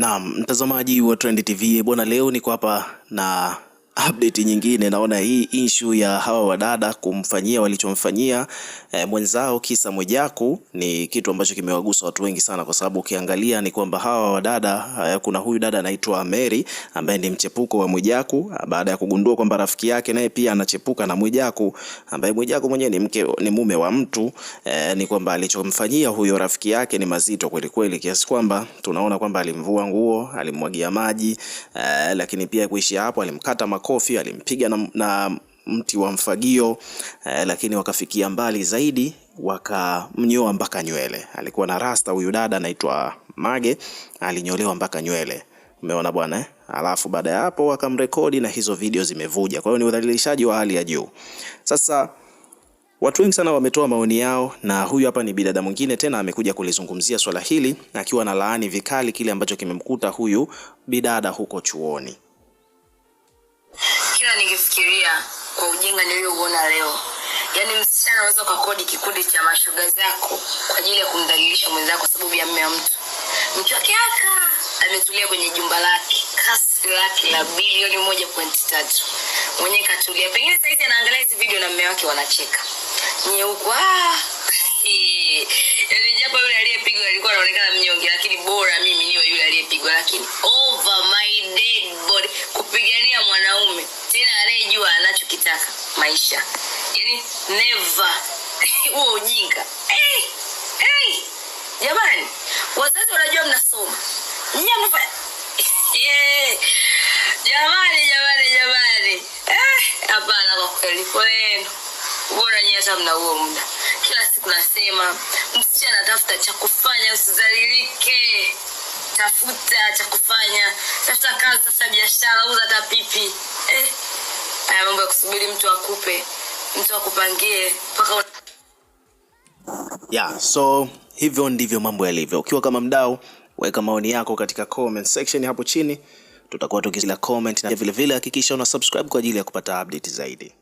Naam, mtazamaji wa Trend TV bwana, leo niko hapa na update nyingine, naona hii issue ya hawa wadada kumfanyia walichomfanyia e, mwenzao kisa Mwijaku ni kitu ambacho kimewagusa watu wengi sana, kwa sababu ukiangalia ni kwamba hawa wadada e, kuna huyu dada anaitwa Mary ambaye ni mchepuko wa Mwijaku, eh, baada ya kugundua kwamba rafiki yake naye pia anachepuka na Mwijaku, ambaye Mwijaku mwenyewe ni mke, ni mume wa mtu e, ni kwamba alichomfanyia huyo rafiki yake ni mazito kweli kweli, kiasi kwamba tunaona kwamba alimvua nguo, alimwagia maji e, lakini pia kuishia hapo alimkata mako makofi, alimpiga na, na mti wa mfagio eh, lakini wakafikia mbali zaidi wakamnyoa mpaka nywele. Alikuwa na rasta huyu dada anaitwa Mage, alinyolewa mpaka nywele. Umeona bwana eh? Alafu baada ya hapo wakamrekodi na hizo video zimevuja. Kwa hiyo ni udhalilishaji wa hali ya juu. Sasa watu wengi sana wametoa maoni yao, na huyu hapa ni bidada mwingine tena amekuja kulizungumzia swala hili akiwa na laani vikali kile ambacho kimemkuta huyu bidada huko chuoni kila nikifikiria kwa ujinga niliyouona leo yaani msichana anaweza ukakodi kikundi cha mashoga zako kwa ajili ya kumdhalilisha mwenzako sababu ya mme wa mtu mchokeaka ametulia kwenye jumba lake kasi lake la bilioni moja pointi tatu mwenyewe katulia pengine sahizi anaangalia hizi video na mme wake wanacheka nyie huku ah, yaani japo yule aliyepigwa alikuwa anaonekana mnyonge lakini bora mimi niwe yule aliyepigwa lakini oh, katika maisha yani never huo ujinga hey, hey. jamani wazazi wanajua mnasoma nyie jamani jamani jamani eh, hapana eh, kwa kweli kwenu bora nyie hata mna huo muda kila siku nasema msichana tafuta cha kufanya usizalilike tafuta cha kufanya tafuta kazi tafuta biashara uza hata pipi eh na mambo ya kusubiri mtu akupe mtu akupangie mpaka un... yeah, so hivyo ndivyo mambo yalivyo. Ukiwa kama mdau, weka maoni yako katika comment section hapo chini, tutakuwa tukizila comment na vile vile hakikisha una subscribe kwa ajili ya kupata update zaidi.